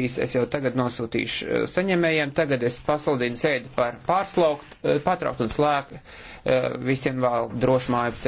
Es jau tagad nosūtīšu eh, saņēmējiem, tagad es pasludinu sēdi par pārslaukt, eh, patraukt un slēgt eh, visiem vēl drošu māju ceļu.